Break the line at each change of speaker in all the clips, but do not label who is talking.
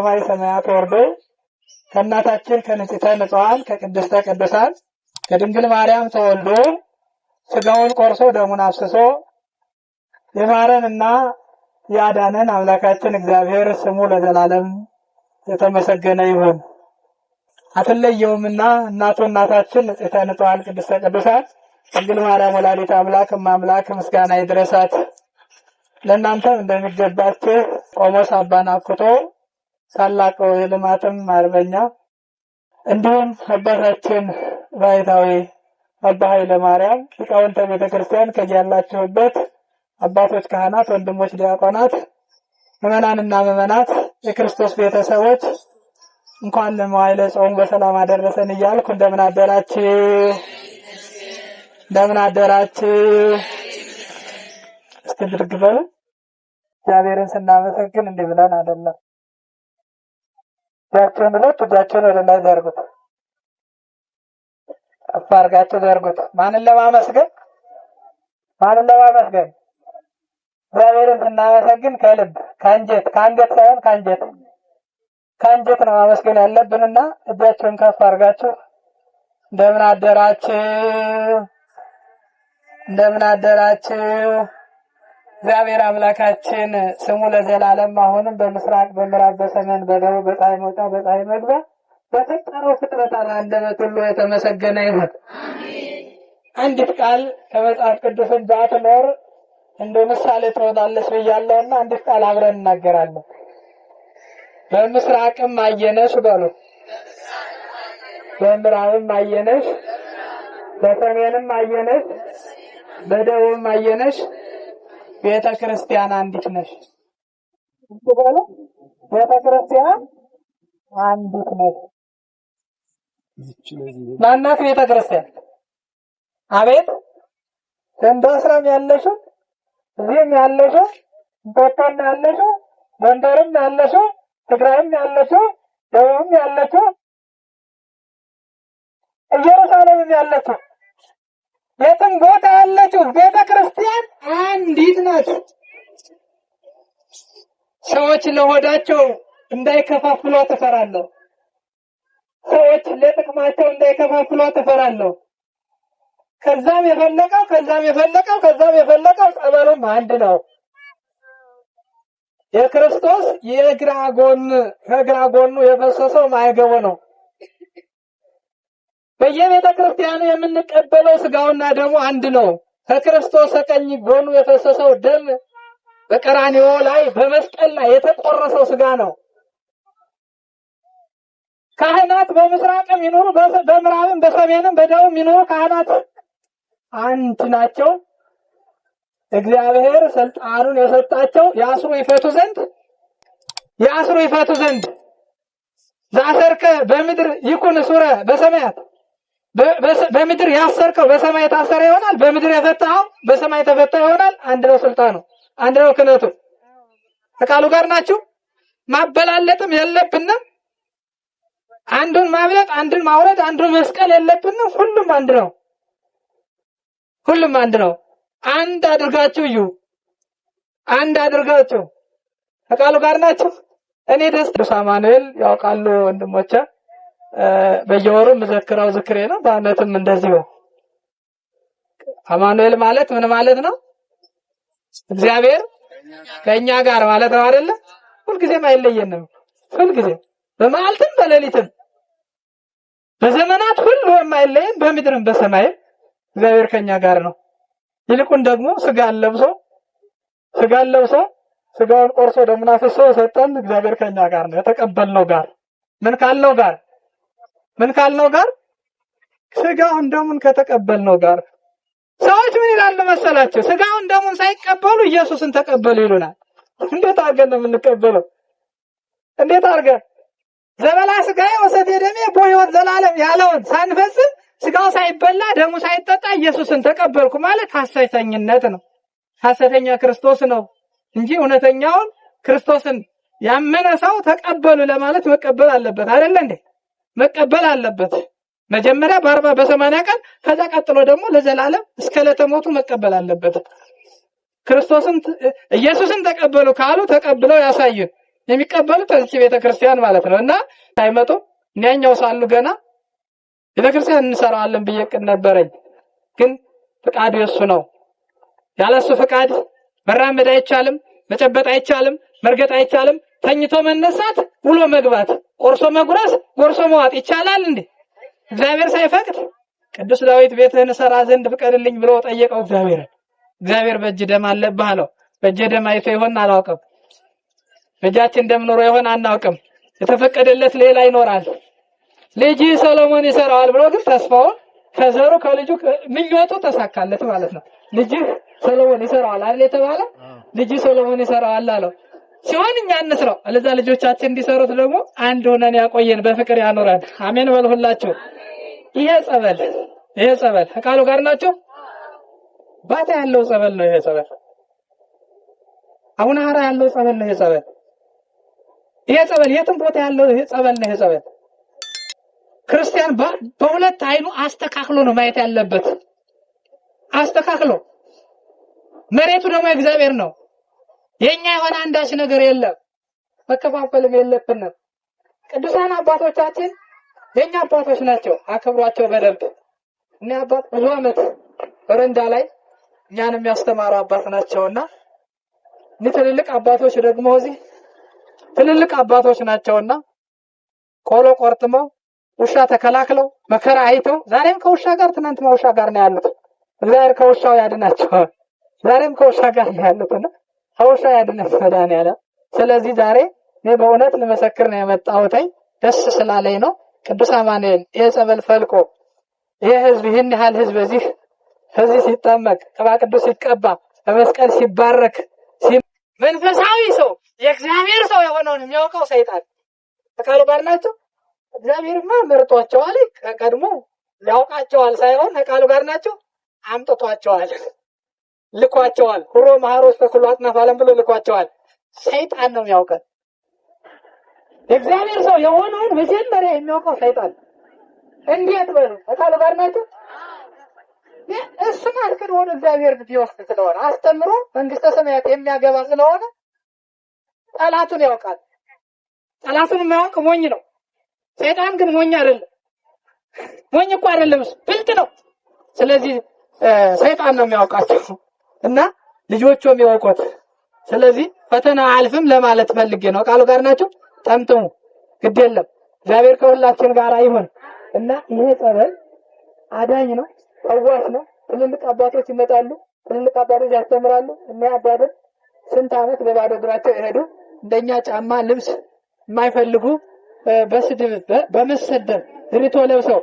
ሰማይ ሰማያት ወርዶ ከእናታችን ከንጽሕተ ንጹሐን ከቅድስተ ቅዱሳን ከድንግል ማርያም ተወልዶ ስጋውን ቆርሶ ደሙን አፍስሶ የማረንና ያዳነን አምላካችን እግዚአብሔር ስሙ ለዘላለም የተመሰገነ ይሁን። አትለየውምና እናቱ እናታችን ንጽሕተ ንጹሐን ቅድስተ ቅዱሳን ድንግል ማርያም ወላዲተ አምላክ ማምላክ ምስጋና ይድረሳት። ለእናንተም እንደሚገባችሁ ቆሞስ አባ አኩቶ ታላቀው የልማትም አርበኛ እንዲሁም አባታችን ባይታዊ አባ ኃይለ ማርያም ሊቃውንተ ቤተ ክርስቲያን ከያላችሁበት አባቶች፣ ካህናት፣ ወንድሞች፣ ዲያቆናት፣ ምእመናንና ምእመናት የክርስቶስ ቤተሰቦች እንኳን ለመዋዕለ ጾም በሰላም አደረሰን እያልኩ እንደምን አደራችሁ፣ እንደምን አደራችሁ። እስቲ ድርግ በሉ እግዚአብሔርን ስናመሰግን እንዲህ ብለን አይደለም። እጃቸውን ሁለት እጃቸውን ወደ ላይ ዘርጉት፣ ከፍ አድርጋችሁ ዘርጉት። ማንን ለማመስገን? ማንን ለማመስገን? እግዚአብሔርን ስናመሰግን ከልብ ከአንጀት፣ ከአንገት ሳይሆን ከአንጀት ከአንጀት ነው ማመስገን ያለብንና እጃቸውን ከፍ አድርጋችሁ እንደምን አደራችሁ፣ እንደምን አደራችሁ እግዚአብሔር አምላካችን ስሙ ለዘላለም አሁንም በምስራቅ በምዕራብ በሰሜን በደቡብ በፀሐይ መውጣ በፀሐይ መግቢያ በፈጠረው ፍጥረት አንደበት ሁሉ የተመሰገነ ይሁን። አንዲት ቃል ከመጽሐፍ ቅዱስን ባትኖር እንደ ምሳሌ ትሆናለች ብያለሁና አንዲት ቃል አብረን እናገራለን። በምስራቅም አየነሽ በሉ፣ በምዕራብም አየነሽ፣ በሰሜንም አየነሽ፣ በደቡብም አየነሽ ቤተ ክርስቲያን አንዲት ነሽ። ይባላል ቤተ ክርስቲያን አንዲት ነሽ። ማናት ቤተ ክርስቲያን? አቤት ዘንዶስራም ያለሽው እዚህም ያለሽው በጣም ያለሽው ጎንደርም ያለሽው ትግራይም ያለችው ደቡብም ያለችው ኢየሩሳሌምም ያለችው የትም ቦታ ያለችው ቤተ ክርስቲያን አንዲት ናት። ሰዎች ለሆዳቸው እንዳይከፋፍሏ ትፈራለሁ። ሰዎች ለጥቅማቸው እንዳይከፋፍሏ ትፈራለሁ። ከዛም የፈለቀው ከዛም የፈለቀው ከዛም የፈለቀው ጸበሉም አንድ ነው። የክርስቶስ የግራ ጎን ከግራ ጎኑ የፈሰሰው ማይገቡ ነው። በየቤተ ክርስቲያኑ የምንቀበለው ስጋውና ደሙ አንድ ነው። ከክርስቶስ ቀኝ ጎኑ የፈሰሰው ደም በቀራንዮ ላይ በመስቀል ላይ የተቆረሰው ስጋ ነው። ካህናት በምስራቅም ይኑሩ በምዕራብም በሰሜንም በደቡብም ይኑሩ ካህናት አንድ ናቸው። እግዚአብሔር ስልጣኑን የሰጣቸው ያስሩ ይፈቱ ዘንድ ያስሩ ይፈቱ ዘንድ ዛሰርከ በምድር ይኩን ሱረ በሰማያት በምድር ያሰርከው በሰማይ የታሰረ ይሆናል። በምድር የፈታኸው በሰማይ የተፈታ ይሆናል። አንድ ነው ስልጣኑ፣ አንድ ነው ክነቱ። ከቃሉ ጋር ናችሁ። ማበላለጥም የለብንም። አንዱን ማብለጥ፣ አንዱን ማውረድ፣ አንዱን መስቀል የለብንም። ሁሉም አንድ ነው። ሁሉም አንድ ነው። አንድ አድርጋችሁ እዩ። አንድ አድርጋችሁ ከቃሉ ጋር ናችሁ። እኔ ደስ አማኑኤል ያውቃሉ ወንድሞቼ በየወሩ የምዘክረው ዝክሬ ነው። በአመትም እንደዚሁ አማኑኤል ማለት ምን ማለት ነው? እግዚአብሔር ከእኛ ጋር ማለት ነው አይደለ? ሁልጊዜም አይለየንም። ሁልጊዜ በመዓልትም በሌሊትም በዘመናት ሁሉ የማይለየን በምድርም በሰማይም እግዚአብሔር ከእኛ ጋር ነው። ይልቁን ደግሞ ስጋን ለብሶ ስጋን ለብሶ ስጋውን ቆርሶ ደሙን አፍስሶ የሰጠን እግዚአብሔር ከእኛ ጋር ነው። የተቀበልነው ጋር ምን ካልነው ጋር ምን ካልነው ጋር ስጋውን ደሙን ከተቀበልነው ጋር ሰዎች ምን ይላሉ መሰላቸው? ስጋውን ደሙን ሳይቀበሉ ኢየሱስን ተቀበሉ ይሉናል። እንዴት አድርገን ነው የምንቀበለው? እንዴት አድርገን ዘበላ ስጋዬ ወሰቴ ደሜ በሕይወት ዘላለም ያለውን ሳንፈጽም ስጋው ሳይበላ ደሙ ሳይጠጣ ኢየሱስን ተቀበልኩ ማለት ሐሰተኝነት ነው። ሐሰተኛ ክርስቶስ ነው እንጂ እውነተኛውን ክርስቶስን ያመነ ሰው ተቀበሉ ለማለት መቀበል አለበት አይደለ እንዴ? መቀበል አለበት። መጀመሪያ በአርባ በሰማንያ ቀን ከዛ ቀጥሎ ደግሞ ለዘላለም እስከ ለተሞቱ መቀበል አለበት። ክርስቶስን ኢየሱስን ተቀበሉ ካሉ ተቀብለው ያሳዩ የሚቀበሉት እዚህ ቤተክርስቲያን ማለት ነው እና ሳይመጡ እኒያኛው ሳሉ ገና ቤተክርስቲያን እንሰራዋለን ብዬ ቅን ነበረኝ፣ ግን ፍቃዱ የሱ ነው። ያለሱ ፍቃድ መራመድ አይቻልም፣ መጨበጥ አይቻልም፣ መርገጥ አይቻልም፣ ተኝቶ መነሳት፣ ውሎ መግባት ቆርሶ መጉረስ ጎርሶ መዋጥ ይቻላል እንዴ? እግዚአብሔር ሳይፈቅድ ቅዱስ ዳዊት ቤትህን ሰራ ዘንድ ፍቀድልኝ ብሎ ጠየቀው እግዚአብሔር። እግዚአብሔር በእጅ ደም አለብህ አለው። በእጄ ደም አይቶ ይሆን አላውቅም። በእጃችን ደም ኖሮ ይሆን አናውቅም። የተፈቀደለት ሌላ ይኖራል። ልጅ ሰሎሞን ይሰራዋል ብሎ ግን ተስፋውን ከዘሩ ከልጁ ምኞቱ ተሳካለት ማለት ነው። ልጅ ሰሎሞን ይሰራዋል አይደል የተባለ ልጅ ሰሎሞን ይሰራዋል አለው። ሲሆን እኛ እንስራው፣ ለዛ ልጆቻችን እንዲሰሩት ደግሞ አንድ ሆነን ያቆየን፣ በፍቅር ያኖረን። አሜን በልሁላችሁ። ይሄ ጸበል ይሄ ጸበል ከቃሉ ጋር ናቸው። ባታ ያለው ጸበል ነው ይሄ ጸበል። አቡነ ሐራ ያለው ጸበል ነው ይሄ ጸበል። ይሄ ጸበል የትም ቦታ ያለው ይሄ ጸበል ነው ይሄ ጸበል። ክርስቲያን በሁለት አይኑ አስተካክሎ ነው ማየት ያለበት። አስተካክሎ መሬቱ ደግሞ እግዚአብሔር ነው። የኛ የሆነ አንዳች ነገር የለም። መከፋፈልም የለብንም። ቅዱሳን አባቶቻችን የኛ አባቶች ናቸው። አክብሯቸው በደንብ እኔ አባት ብዙ ዓመት በረንዳ ላይ እኛን የሚያስተማሩ አባት ናቸውና እኒህ ትልልቅ አባቶች ደግሞ እዚህ ትልልቅ አባቶች ናቸውና ቆሎ ቆርጥመው ውሻ ተከላክለው መከራ አይተው ዛሬም ከውሻ ጋር ትናንትና ውሻ ጋር ነው ያሉት። እግዚአብሔር ከውሻው ያድናቸው። ዛሬም ከውሻ ጋር ነው ያሉትና ሰዎች ላይ መዳን ያለ። ስለዚህ ዛሬ እኔ በእውነት ልመሰክር ነው የመጣሁትኝ ደስ ስላለኝ ነው። ቅዱስ አማኑኤል ይሄ ጸበል ፈልቆ ይሄ ህዝብ ይህን ያህል ህዝብ በዚህ በዚህ ሲጠመቅ ቅባ ቅዱስ ሲቀባ በመስቀል ሲባረክ መንፈሳዊ ሰው የእግዚአብሔር ሰው የሆነውን የሚያውቀው ሰይጣን ከቃሉ ጋር ናቸው። እግዚአብሔርማ መርጧቸዋል። ቀድሞ ያውቃቸዋል ሳይሆን ከቃሉ ጋር ናቸው አምጥቷቸዋል። ልኳቸዋል። ሁሮ መሐሮች በኩሉ አጥናፍ ዓለም ብሎ ልኳቸዋል። ሰይጣን ነው የሚያውቀን። እግዚአብሔር ሰው የሆነውን መጀመሪያ የሚያውቀው ሰይጣን። እንዴት በቃሉ ጋር ናቸው። ማለት አልክን ሆነ እግዚአብሔር ቢወስድ ስለሆነ አስተምሮ መንግስተ ሰማያት የሚያገባ ስለሆነ ጠላቱን ያውቃል። ጠላቱን የሚያውቅ ሞኝ ነው። ሰይጣን ግን ሞኝ አይደለም። ሞኝ እኮ አይደለም፣ ብልጥ ነው። ስለዚህ ሰይጣን ነው የሚያውቃቸው። እና ልጆቹም ይወቁት። ስለዚህ ፈተና አልፍም ለማለት ፈልጌ ነው። ቃሉ ጋር ናቸው። ጠምጥሙ፣ ግድ የለም እግዚአብሔር ከሁላችን ጋር ይሁን እና ይሄ ጸበል አዳኝ ነው፣ ፈዋሽ ነው። ትልልቅ አባቶች ይመጣሉ፣ ትልልቅ አባቶች ያስተምራሉ። እና አባቶች ስንት ዓመት በባዶ እግራቸው ይሄዱ እንደኛ ጫማ ልብስ የማይፈልጉ በስድብ በመሰደብ ድሪቶ ለብሰው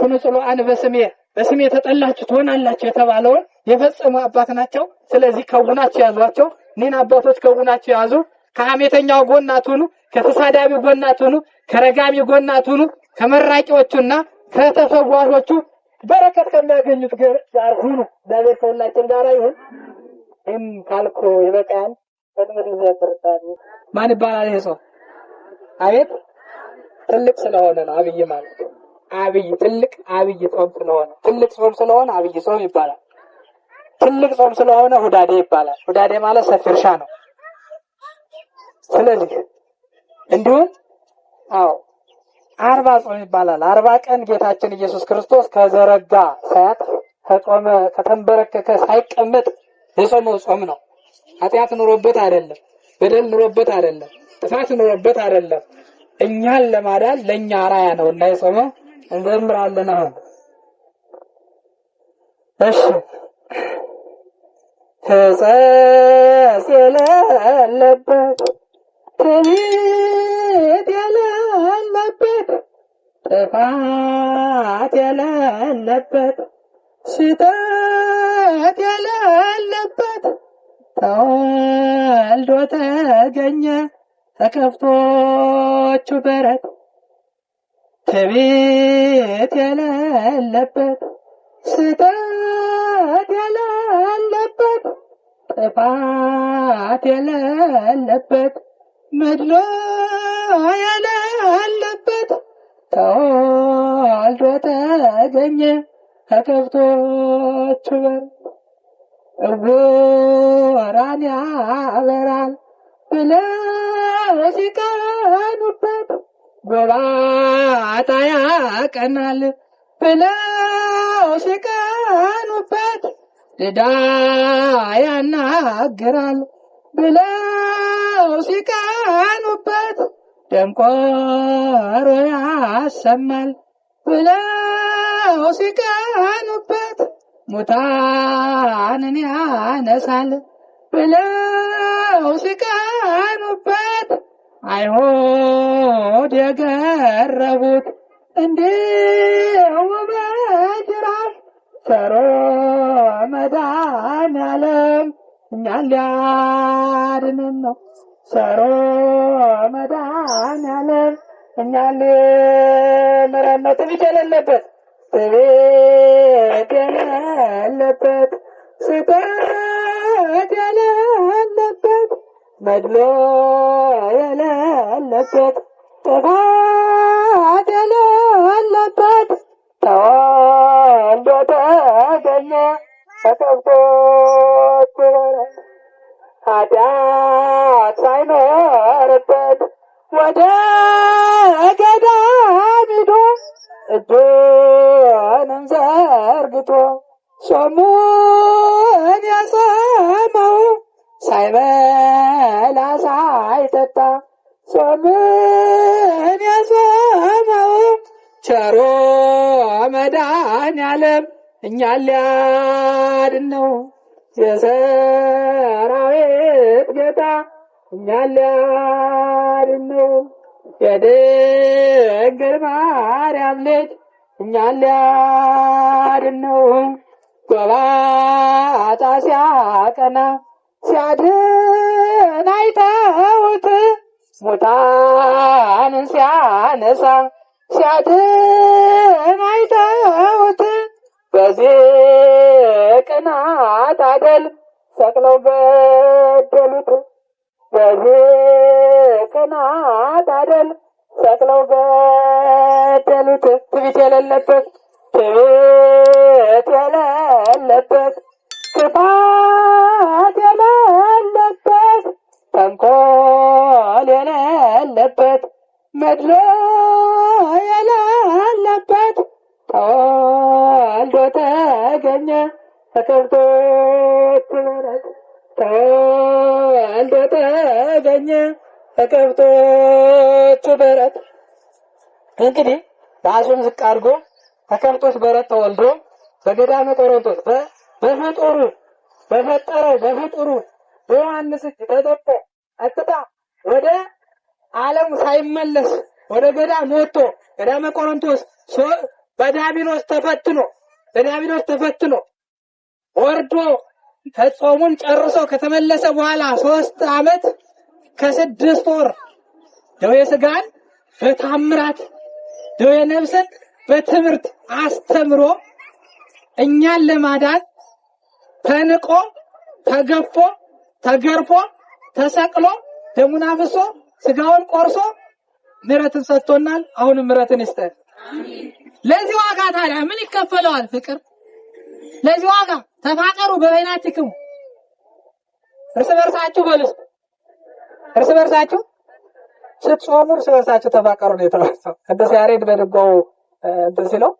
ኩኑ ጽሉዓን በስሜ በስም የተጠላችሁ ትሆናላችሁ የተባለውን የፈጸሙ አባት ናቸው። ስለዚህ ከውናችሁ ያዟቸው። እኔን አባቶች ከውናችሁ ያዙ። ከሐሜተኛው ጎን አትሁኑ፣ ከተሳዳቢ ጎን አትሁኑ፣ ከረጋሚ ጎን አትሁኑ። ከመራቂዎቹና ከተፈዋሾቹ በረከት ከሚያገኙት ጋር ሁኑ። እግዚአብሔር ከሁላችን ጋር ይሁን። ይህም ካልኩ ይበቃል። በትምህርት ጊዜ ማን ይባላል ይሄ ሰው? አቤት ትልቅ ስለሆነ ነው አብይ ማለት ነው። አብይ ትልቅ አብይ ጾም ስለሆነ ትልቅ ጾም ስለሆነ አብይ ጾም ይባላል። ትልቅ ጾም ስለሆነ ሁዳዴ ይባላል። ሁዳዴ ማለት ሰፊ እርሻ ነው። ስለዚህ እንዲሁም አዎ አርባ ጾም ይባላል። አርባ ቀን ጌታችን ኢየሱስ ክርስቶስ ከዘረጋ ሳያጥፍ ከጾመ ከተንበረከከ ሳይቀመጥ የጾመው ጾም ነው። ኃጢአት ኑሮበት አይደለም፣ በደል ኑሮበት አይደለም፣ ጥፋት ኑሮበት አይደለም። እኛን ለማዳን ለእኛ አራያ ነው እና የጾመው እንዘምራለን። አሁን እሺ ሕፀጽ የሌለበት ትዕቢት የሌለበት ጥፋት የሌለበት ስጠት የሌለበት ተወልዶ ተገኘ ከከብቶቹ በረት ትዕቢት የሌለበት ስህተት የሌለበት ጥፋት የሌለበት ምድሎ የሌለበት ተወልዶ ተገኘ ከከብቶች በር ዕውራን ያበራል ብለው ሲቃ ጎባጣ ያቀናል ብለው ሲቀኑበት ድዳ ያናግራል ብለው ሲቀኑበት ደንቆሮ ያሰማል ብለው ሲቀኑበት ሙታንን ያነሳል ብለው ሲቀኑበት አይሁድ የገረቡት እንዲሁ በጅራፍ ሰሮ መድኃኔዓለም እኛን ሊያድንን ነው። ሰሮ መዳን ያለም እኛን ሊምረን ነው። ትቢት የሌለበት ትዕቢት የሌለበት ስህተት የሌለበት መድሎ የሌለበት ጥፋት የሌለበት ተወልዶ ተገኘ ከከብቶች በላይ ኃጢአት ሳይኖርበት ወደ ገዳም ሂዶ እጁንም ዘርግቶ ጾሙን ያሰማው ሳይበላ ሳይጠጣ ጾምን ያጾመው ቸሮ መድኃኔዓለም እኛን ሊያድን ነው። የሰራዊት ጌታ እኛን ሊያድን ነው። የድንግል ማርያም ልጅ እኛን ሊያድን ነው። ጎባጣ ሲያቀና ሲያድን አይተውት ሙታንን ሲያነሳ ሲያድን አይተውት በዚህ ቅናት አደል ሰቅለው በደሉት በዚህ ቅናት አደል ሰቅለው በደሉት ትቢት የሌለበት ትቢት በድሎ የለለበት ተወልዶ ተገኘ ከከብቶች በረት ተወልዶ ተገኘ ከከብቶች በረት። እንግዲህ ራሱን ዝቅ አድርጎ ከከብቶች በረት ተወልዶ በገዳመ ቆሮንቶስ በፈጦሩ በፈጠረው በፍጡሩ በዮሐንስ እጅ ተጠቆ ቀጥታ ወደ ዓለም ሳይመለስ ወደ ገዳም ወጥቶ ገዳመ ቆሮንቶስ በዳቢሎስ ተፈትኖ በዳቢሎስ ተፈትኖ ወርዶ ጾሙን ጨርሶ ከተመለሰ በኋላ ሶስት ዓመት ከስድስት ወር ደዌ ስጋን በታምራት ደዌ ነፍስን በትምህርት አስተምሮ እኛን ለማዳን ተንቆ ተገፎ ተገርፎ ተሰቅሎ ደሙን አፍሶ ስጋውን ቆርሶ ምረትን ሰጥቶናል። አሁንም ምረትን ይስጠን። ለዚህ ዋጋ ታዲያ ምን ይከፈለዋል? ፍቅር። ለዚህ ዋጋ ተፋቀሩ በበይናቲክሙ እርስ በርሳችሁ በልስ እርስ በርሳችሁ ስትጾሙ እርስ በርሳችሁ ተፋቀሩ ነው የተባለው። ቅዱስ ያሬድ በድጓው እንትን ሲለው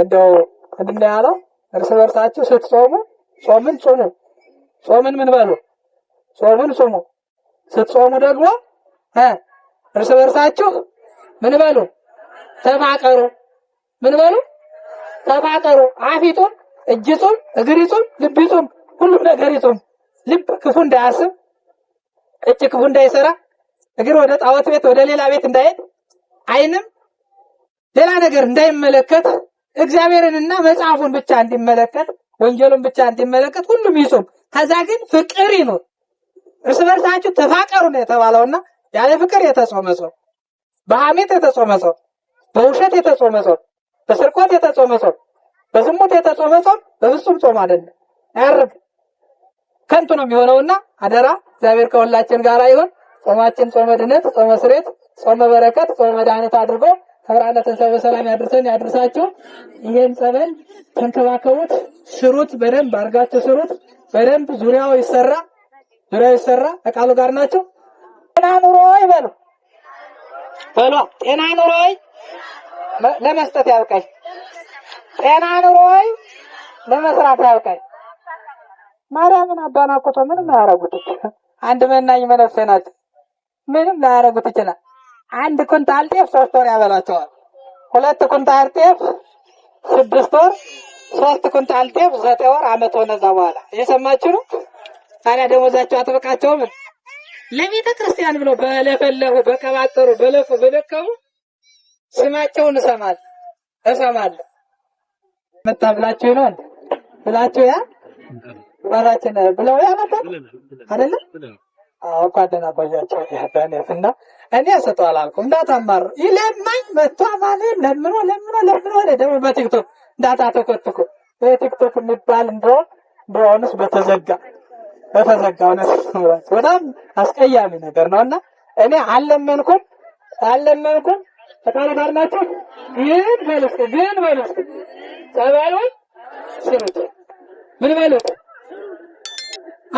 እንደው ምንድነው ያለው? እርስ በርሳችሁ ስትጾሙ ጾምን ጾሙ ጾምን ምን በሉ ጾምን ጾሙ ስትጾሙ ደግሞ እርስ በርሳችሁ ምን በሉ ተፋቀሩ። ምን በሉ ተፋቀሩ። አፊቱን፣ እጅቱን፣ እግሪቱን፣ ልቢቱን፣ ሁሉም ነገሪቱን ልብ ክፉ እንዳያስብ፣ እጅ ክፉ እንዳይሰራ፣ እግር ወደ ጣዖት ቤት ወደ ሌላ ቤት እንዳይሄድ፣ ዓይንም ሌላ ነገር እንዳይመለከት እግዚአብሔርንና መጽሐፉን ብቻ እንዲመለከት ወንጌሉን ብቻ እንዲመለከት ሁሉም ይጹም። ከዛ ግን ፍቅር ይኑር። እርስ በርሳችሁ ተፋቀሩ ነው የተባለውና ያለ ፍቅር የተጾመ ጾም፣ በሐሜት የተጾመ ጾም፣ በውሸት የተጾመ ጾም፣ በስርቆት የተጾመ ጾም፣ በዝሙት የተጾመ ጾም በፍጹም ጾም አይደለም፣ አያርግ ከንቱ ነው የሚሆነውና አደራ እግዚአብሔር ከሁላችን ጋር ይሁን። ጾማችን ጾመ ድነት፣ ጾመ ስሬት፣ ጾመ በረከት፣ ጾመ መድኃኒት አድርጎ ተብራለትን ሰው ሰላም ያድርሰን ያድርሳችሁ። ይሄን ጸበል ተንከባከቡት፣ ስሩት፣ በደንብ አድርጋችሁ ስሩት። በደንብ ዙሪያው ይሰራ፣ ዙሪያው ይሰራ። ከቃሉ ጋር ናቸው። ጤና ኑሮይ በሉ በሉ ጤና ኑሮይ ለመስጠት ያብቃኝ። ጤና ኑሮይ ለመስራት ያብቃኝ። ማርያምን አባናኮቶ ምንም አያረጉት። አንድ መናኝ መነፍሴ ናቸው። ምንም ላያረጉት ይችላል። አንድ ኩንታል ጤፍ ሶስት ወር ያበላቸዋል። ሁለት ኩንታል ጤፍ ስድስት ወር፣ ሶስት ኩንታል ጤፍ ዘጠኝ ወር፣ አመት ሆነ። እዛ በኋላ እየሰማችሁ ነው። ታዲያ ደሞዛቸው አጥብቃቸውም ለቤተ ክርስቲያን ብለው በለፈለፉ፣ በከባጠሩ፣ በለፉ፣ በደከሙ ስማቸውን እሰማል እሰማል መጣ ብላችሁ ይሆናል ብላችሁ ያ ባራችን ብለው ያመጣ አይደለ? አዎ ጓደኛ ቆያቸው ያዳኔትና እኔ ሰጠው አላልኩም። እንዳታማር ይለማኝ መጥቶ አማኔ ለምኖ ለምኖ ለምኖ እኔ ደግሞ በቲክቶክ እንዳታ ተኮትኩ በቲክቶክ የሚባል እንደው በአሁኑስ በተዘጋ በተዘጋ እውነት በጣም አስቀያሚ ነገር ነው እና እኔ አለመንኩም አለመንኩም ፈጣሪ ጋር ናቸው። ግን በልስ ግን በልስ ጸባዩን ስሩት ምን በልስ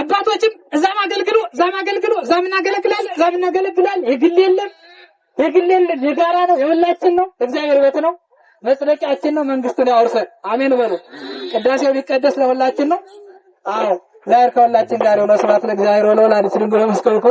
አባቶችም እዛም አገልግሎ እዛም አገልግሎ እዛም እናገለግላለን እዛም እናገለግላለን። የግል የለም የግል የለም፣ የጋራ ነው፣ የሁላችን ነው፣ እግዚአብሔር ቤት ነው፣ መጽደቂያችን ነው። መንግስቱን ያወርሰን። አሜን በሉ። ቅዳሴው ሊቀደስ ለሁላችን ነው። አዎ እግዚአብሔር ከሁላችን ጋር የሆነ ስብሐት ለእግዚአብሔር ሆኖ ለአዲስ ድንግሎ መስቀልኮ